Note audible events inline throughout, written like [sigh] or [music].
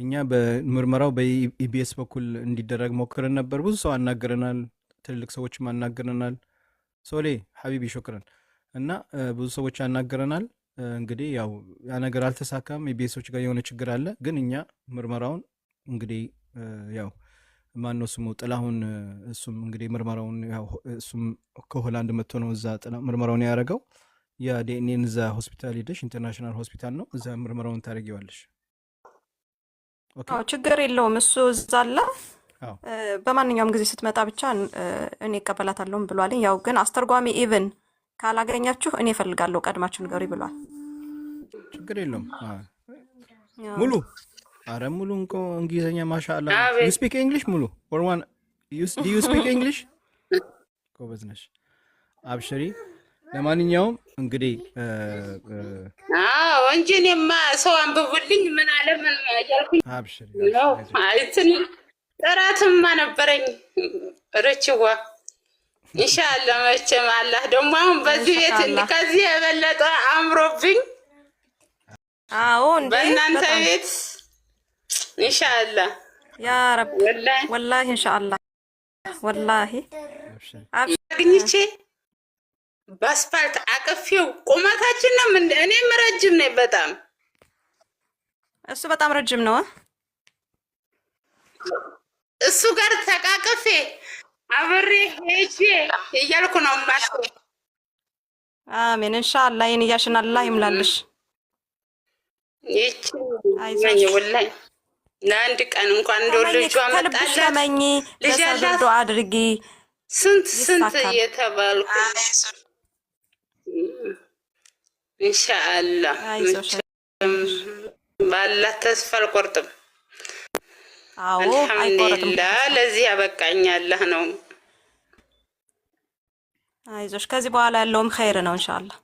እኛ በምርመራው በኢቢኤስ በኩል እንዲደረግ ሞክረን ነበር። ብዙ ሰው አናግረናል፣ ትልልቅ ሰዎችም አናግረናል። ሶሌ ሀቢቢ ሾክረን እና ብዙ ሰዎች አናግረናል። እንግዲህ ያው ያ ነገር አልተሳካም። ኢቢኤሶች ጋር የሆነ ችግር አለ። ግን እኛ ምርመራውን እንግዲህ ያው ማነው ስሙ ጥላሁን፣ እሱም እንግዲህ ምርመራውን እሱም ከሆላንድ መጥቶ ነው እዛ ምርመራውን ያደረገው። የዲኤንኤን እዛ ሆስፒታል ሄደሽ ኢንተርናሽናል ሆስፒታል ነው እዛ ምርመራውን ታደርጊዋለሽ። ችግር የለውም። እሱ እዛ አለ። በማንኛውም ጊዜ ስትመጣ ብቻ እኔ እቀበላታለሁም ብሏልኝ። ያው ግን አስተርጓሚ ኢቭን ካላገኛችሁ እኔ እፈልጋለሁ ቀድማችሁ ንገሩ ብሏል። ችግር የለውም። ሙሉ አረ ሙሉ እንቆ እንግሊዝኛ ማሻአላ። ዩ ስፒክ እንግሊሽ ሙሉ ኦር ዋን ዩ ስፒክ እንግሊሽ ጎበዝ ነሽ አብሽሪ ለማንኛውም እንግዲህ አዎ እንጂ እኔማ ሰው አንብቡልኝ ምን አለ ምን ያልኩኝ እንትን ጥረትማ ነበረኝ። ርችዋ እንሻለ መቼም አላህ ደግሞ አሁን በዚህ ቤት ከዚህ የበለጠ አምሮብኝ በእናንተ ቤት እንሻላ ያ ረብ ወላሂ እንሻላ ወላሂ አግኝቼ በአስፋልት አቅፌው ቁመታችን ነው። ምን እኔም ረጅም ነኝ በጣም እሱ በጣም ረጅም ነው። እሱ ጋር ተቃቅፌ አብሬ ሄጄ እያልኩ ነው ማ አሜን። እንሻላ ይህን እያሽን አላ ይምላልሽ። ይችወላይ ለአንድ ቀን እንኳን እንደ ልጇ መጣላት ልጅ ያላት አድርጊ ስንት ስንት እየተባልኩ ኢንሻአላህ ባላህ ተስፋ አልቆርጥም። አልሐምዱሊላህ ለዚህ ያበቃኛለህ ነው። አይዞሽ ከዚህ በኋላ ያለውም ኸይር ነው ኢንሻአላህ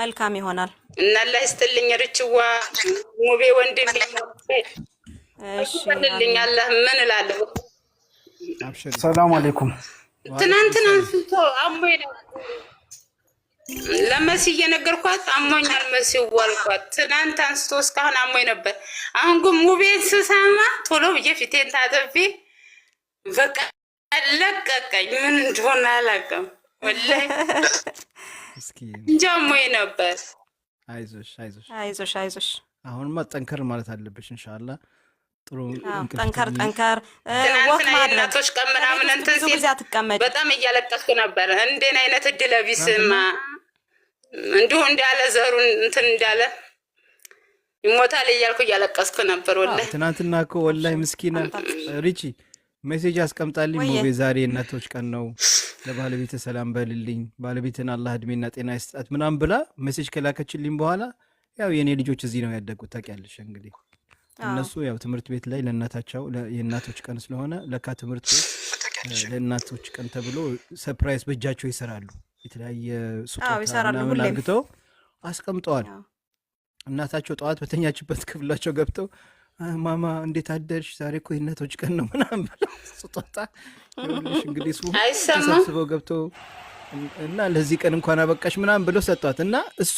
መልካም ይሆናል እና አላህ ይስጥልኝ። ርችዋ ሙቤ ወንድም አላህ ምን እላለሁ። ሰላም አለይኩም ትናንትና አንስቶ አሞኝ ነው ለመሲ እየነገርኳት አሞኛል መሲ ዋልኳት። ትናንት አንስቶ እስካሁን አሞኝ ነበር። አሁን ግን ሙቤን ስሰማ ቶሎ ብዬ ፊቴን ታጥቤ በቃ ለቀቀኝ። ምን እንደሆነ አላውቅም። ወላሂ እንጃ አሞኝ ነበር። አይዞሽ አይዞሽ አይዞሽ አይዞሽ። አሁንማ ጠንከር ማለት አለብሽ። እንሻላ ጥሩ ጠንከር ጠንከር። ወክ ማድረግ ቀን ምናምን እንትን ሲል በጣም እያለቀስኩ ነበር። እንዴን አይነት እድለቢስማ እንዲሁ እንዳለ ዘሩ እንትን እንዳለ ይሞታል እያልኩ እያለቀስኩ ነበር። ወላ ትናንትና እኮ ወላይ ምስኪና ሪቺ ሜሴጅ አስቀምጣልኝ። ሙቤ ዛሬ እናቶች ቀን ነው፣ ለባለቤት ሰላም በልልኝ፣ ባለቤትን አላህ እድሜና ጤና ይስጣት ምናምን ብላ ሜሴጅ ከላከችልኝ በኋላ ያው የእኔ ልጆች እዚህ ነው ያደጉት ታውቂያለሽ። እንግዲህ እነሱ ያው ትምህርት ቤት ላይ ለእናታቸው የእናቶች ቀን ስለሆነ ለካ ትምህርት ቤት ለእናቶች ቀን ተብሎ ሰፕራይዝ በእጃቸው ይሰራሉ። የተለያየ ስጦታ አግተው አስቀምጠዋል። እናታቸው ጠዋት በተኛችበት [laughs] ክፍላቸው ገብተው ማማ እንዴት አደርሽ? ዛሬ እኮ የእናቶች ቀን ነው ምናምን ብለው [laughs] ስጦታ እንግዲህ ተሰብስበው ገብተው እና ለዚህ ቀን እንኳን አበቃሽ ምናምን ብለው ሰጧት እና እሷ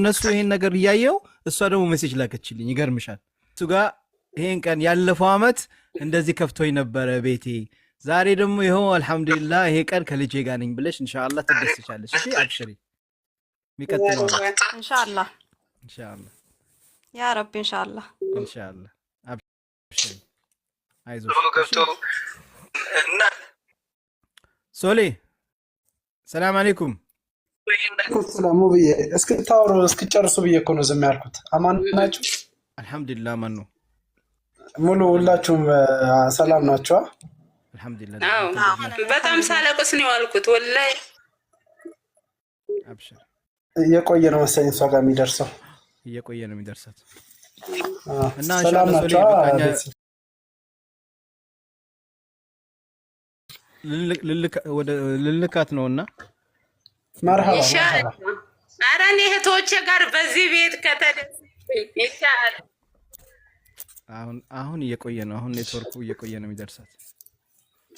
እነሱ ይሄን ነገር እያየው እሷ ደግሞ መሴጅ ላከችልኝ። ይገርምሻል እሱ ጋር ይሄን ቀን ያለፈው አመት እንደዚህ ከፍቶኝ ነበረ ቤቴ ዛሬ ደግሞ ይኸው አልሐምዱሊላ ይሄ ቀን ከልጄ ጋር ነኝ ብለሽ እንሻላ ትደስቻለሽ። እሺ አብሽሪ። የሚቀጥለው እንሻላ እንሻላ ያ ረቢ እንሻላ እንሻላ አብሽሪ። አይዞሽ ሶሌ። ሰላም አሌይኩም ሰላሙ ብዬ እስክታወሩ እስክጨርሱ ብዬ እኮ ነው ዝም ያልኩት። አማን ናችሁ? አልሐምዱሊላ አማን ነው ሙሉ። ሁላችሁም ሰላም ናችኋ? አልሐምዱሊላህ በጣም ሳለቅስ ነው ያልኩት። ወላሂ እየቆየ ነው መሰለኝ እሷ ጋር የሚደርሰው እየቆየ ነው እና ልልካት ነው እና እህቶቼ ጋር በዚህ ቤት ከተደስ አሁን እየቆየ ነው አሁን ኔትወርኩ እየቆየ ነው የሚደርሳት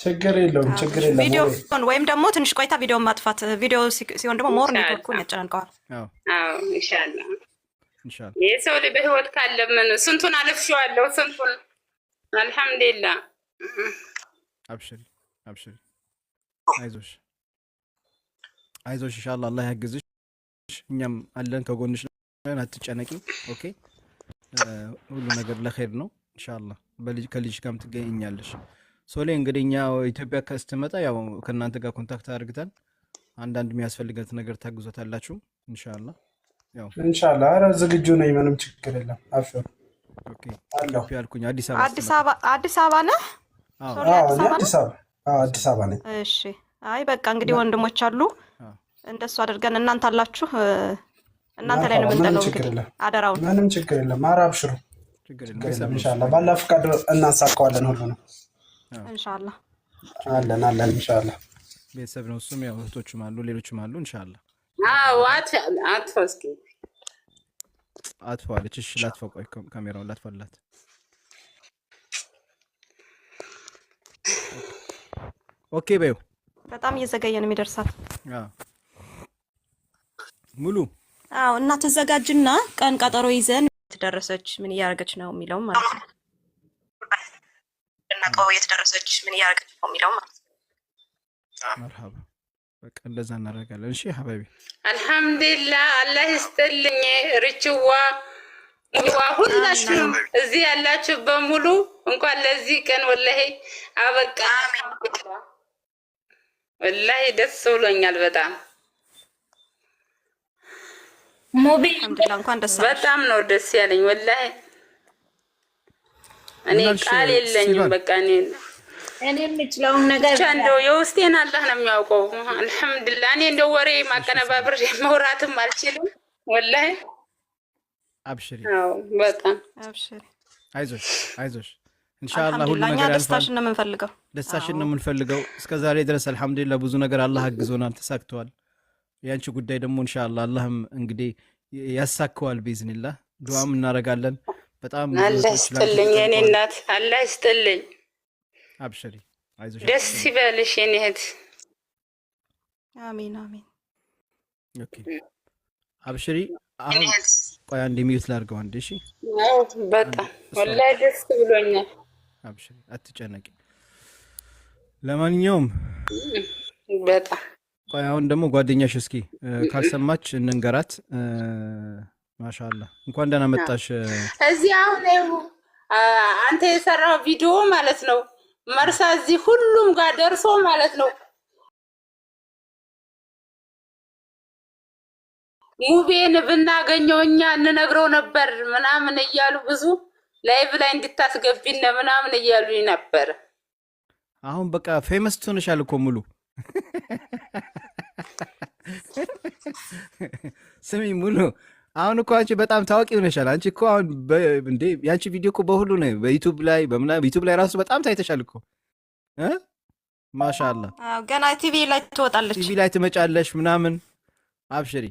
ችግር የለውም ችግር የለም። ቪዲዮ ወይም ደግሞ ትንሽ ቆይታ ቪዲዮ ማጥፋት ቪዲዮ ሲሆን ደግሞ ሞር ኔትወርኩን ያጨናንቀዋል። የሰው ልጅ በህይወት ካለ ምን ስንቱን አለፍሽዋለሁ ስንቱን አልሐምዱሊላ። አብሽሪ አብሽሪ፣ አይዞሽ አይዞሽ፣ ኢንሻላህ አላህ ያግዝሽ። እኛም አለን ከጎንሽ ነን፣ አትጨነቂ። ኦኬ ሁሉ ነገር ለኸይር ነው ኢንሻላህ። ከልጅ ጋርም ትገኛለሽ ሶሌ እንግዲህ እኛ ኢትዮጵያ ከስትመጣ ያው ከእናንተ ጋር ኮንታክት አድርግተን አንዳንድ የሚያስፈልገት ነገር ታግዞታላችሁ። እንሻላ እንሻላ። ኧረ ዝግጁ ነኝ፣ ምንም ችግር የለም። አፈር ያልኩኝ አዲስ አበባ አዲስ አበባ ነህ? አዲስ አበባ ነ። እሺ። አይ በቃ እንግዲህ ወንድሞች አሉ፣ እንደሱ አድርገን እናንተ አላችሁ፣ እናንተ ላይ ነው የምንጠለው። እንግዲህ አደራውን ምንም ችግር የለም። ኧረ አብሽሩ፣ ችግር የለም። እንሻላ ባላ ፈቃድ እናሳካዋለን ሁሉ ነው እንሻላ አለን አለን እንሻላ ቤተሰብ ነው። እሱም ያው እህቶችም አሉ ሌሎችም አሉ። እንሻላ አጥፎ እስኪ አጥፎ አለች። እሺ ላጥፋው፣ ቆይ ካሜራውን ላጥፋላት። ኦኬ በይው። በጣም እየዘገየ ነው የሚደርሳት። ሙሉ አዎ። እና ተዘጋጅና ቀን ቀጠሮ ይዘን ደረሰች ምን እያደረገች ነው የሚለውም ማለት ነው የምታውቀው የተደረሰች ምን እያደረገች ነው የሚለው ማለት በቃ እንደዛ እናደርጋለን። እሺ ሀበቢ አልሐምዱሊላ አላህ ይስጥልኝ። ርችዋ ሁላችሁም እዚህ ያላችሁ በሙሉ እንኳን ለዚህ ቀን ወላሂ አበቃ። ወላሂ ደስ ብሎኛል በጣም ሙቢ በጣም ነው ደስ ያለኝ ወላሂ እኔ ቃል የለኝም። በቃ እኔ እኔ የምችለውን ነገር ብቻ እንደው የውስጤን አላህ ነው የሚያውቀው። አልሐምዱላ እኔ እንደው ወሬ ማቀነባበር መውራትም አልችልም። ወላሂ አብሽሪ፣ በጣም አብሽሪ። አይዞሽ አይዞሽ ኢንሻአላህ ሁሉ ነገር ያልፋል። ደስታሽን ነው የምንፈልገው፣ ደስታሽን ነው የምንፈልገው። እስከ ዛሬ ድረስ አልሐምዱሊላህ ብዙ ነገር አላህ አግዞናል፣ ተሳክተዋል። ያንቺ ጉዳይ ደግሞ ኢንሻአላህ አላህም እንግዲህ ያሳከዋል ቢዝኒላህ። ዱዓም እናደርጋለን። በጣም አላህ ይስጥልኝ የኔ እናት፣ አላህ ይስጥልኝ። አብሽሪ፣ አይዞሽ፣ ደስ ይበልሽ የኔ እህት። አሚን አሚን። ኦኬ አብሽሪ። አሁን ቆይ አንዴ ሚዩት ላድርገው አንዴ። እሺ፣ በጣም ወላሂ ደስ ብሎኛል። አብሽሪ፣ አትጨነቂ። ለማንኛውም በጣም ቆይ አሁን ደግሞ ጓደኛሽ እስኪ ካልሰማች እንንገራት። ማሻላ እንኳን ደህና መጣሽ። እዚህ አሁን አንተ የሰራው ቪዲዮ ማለት ነው መርሳ እዚህ ሁሉም ጋር ደርሶ ማለት ነው ሙቤን ብናገኘው እኛ እንነግረው ነበር ምናምን እያሉ ብዙ ላይቭ ላይ እንድታስገቢነ ምናምን እያሉ ነበር። አሁን በቃ ፌመስ ትሆንሻል እኮ ሙሉ ስሚ ሙሉ አሁን እኮ አንቺ በጣም ታዋቂ ሆነሻል። አንቺ እኮ አሁን እንዴ የአንቺ ቪዲዮ እኮ በሁሉ ነው፣ በዩቱብ ላይ በምና ዩቱብ ላይ ራሱ በጣም ታይተሻል እኮ ማሻላ። ገና ቲቪ ላይ ትወጣለች፣ ቲቪ ላይ ትመጫለሽ ምናምን። አብሽሪ።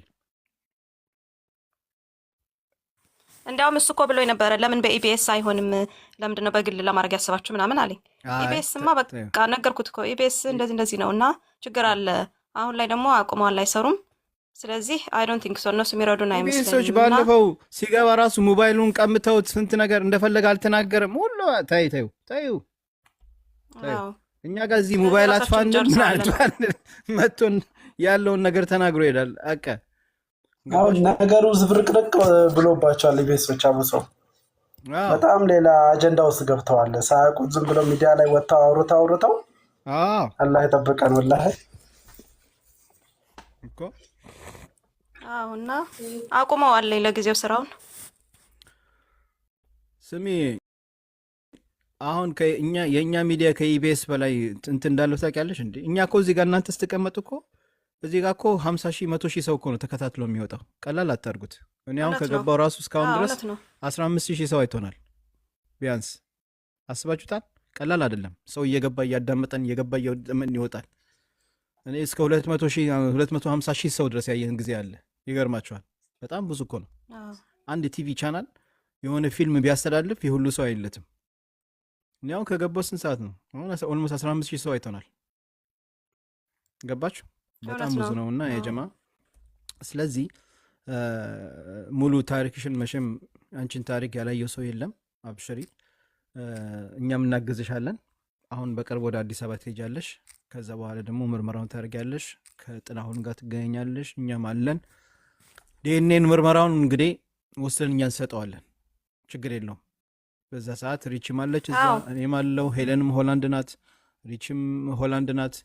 እንዲያውም እሱ እኮ ብሎ ነበረ፣ ለምን በኢቢኤስ አይሆንም? ለምንድን ነው በግል ለማድረግ ያስባችሁ ምናምን አለኝ። ኢቢኤስማ በቃ ነገርኩት እኮ ኢቢኤስ እንደዚህ እንደዚህ ነው እና ችግር አለ። አሁን ላይ ደግሞ አቁመዋል፣ አይሰሩም ስለዚህ አይ ዶንት ቲንክ ሶ እነሱ የሚረዱን አይመስለኝም። ሰዎች ባለፈው ሲገባ ራሱ ሞባይሉን ቀምተውት ስንት ነገር እንደፈለገ አልተናገረም። ሁሉ ታይ ታዩ ታዩ እኛ ጋር እዚህ ሞባይል አጥፋን ምናልባል መቶን ያለውን ነገር ተናግሮ ይሄዳል። አቀ ነገሩ ዝብርቅርቅ ብሎባቸዋል። ቤቶች አብሰው በጣም ሌላ አጀንዳ ውስጥ ገብተዋል። ሳያውቁት ዝም ብለው ሚዲያ ላይ ወጥተው አውርተው አውርተው አላህ የጠበቀን ወላሂ አሁና እና አቁመዋለኝ ለጊዜው ስራውን። ስሚ አሁን ከእኛ የእኛ ሚዲያ ከኢቢኤስ በላይ እንትን እንዳለው ታውቂያለሽ እንዴ? እኛ እኮ እዚህ ጋር እናንተ ስትቀመጡ እኮ እዚህ ጋር እኮ ሀምሳ ሺህ መቶ ሺህ ሰው እኮ ነው ተከታትሎ የሚወጣው። ቀላል አታርጉት። እኔ አሁን ከገባው ራሱ እስካሁን ድረስ አስራ አምስት ሺህ ሰው አይቶናል ቢያንስ። አስባችሁታል? ቀላል አይደለም። ሰው እየገባ እያዳመጠን እየገባ እያዳመጠን ይወጣል። እኔ እስከ ሁለት መቶ ሺህ ሁለት መቶ ሀምሳ ሺህ ሰው ድረስ ያየን ጊዜ አለ። ይገርማቸዋል። በጣም ብዙ እኮ ነው። አንድ ቲቪ ቻናል የሆነ ፊልም ቢያስተላልፍ የሁሉ ሰው አይለትም። እኔ አሁን ከገባው ስንት ሰዓት ነው? ኦልሞስት አስራ አምስት ሺህ ሰው አይተናል። ገባችሁ? በጣም ብዙ ነው እና የጀማ ስለዚህ ሙሉ ታሪክሽን መቼም አንቺን ታሪክ ያላየው ሰው የለም። አብሽሪ፣ እኛም እናግዝሻለን። አሁን በቅርብ ወደ አዲስ አበባ ትሄጃለሽ። ከዛ በኋላ ደግሞ ምርመራውን ታደርጊያለሽ። ከጥላሁን ጋር ትገኛለሽ። እኛም አለን። ዲኤንኤን ምርመራውን እንግዲህ ወስደን እኛ እንሰጠዋለን። ችግር የለውም። በዛ ሰዓት ሪችም አለች እዛ፣ እኔም አለው ሄለንም ሆላንድ ናት፣ ሪችም ሆላንድ ናት።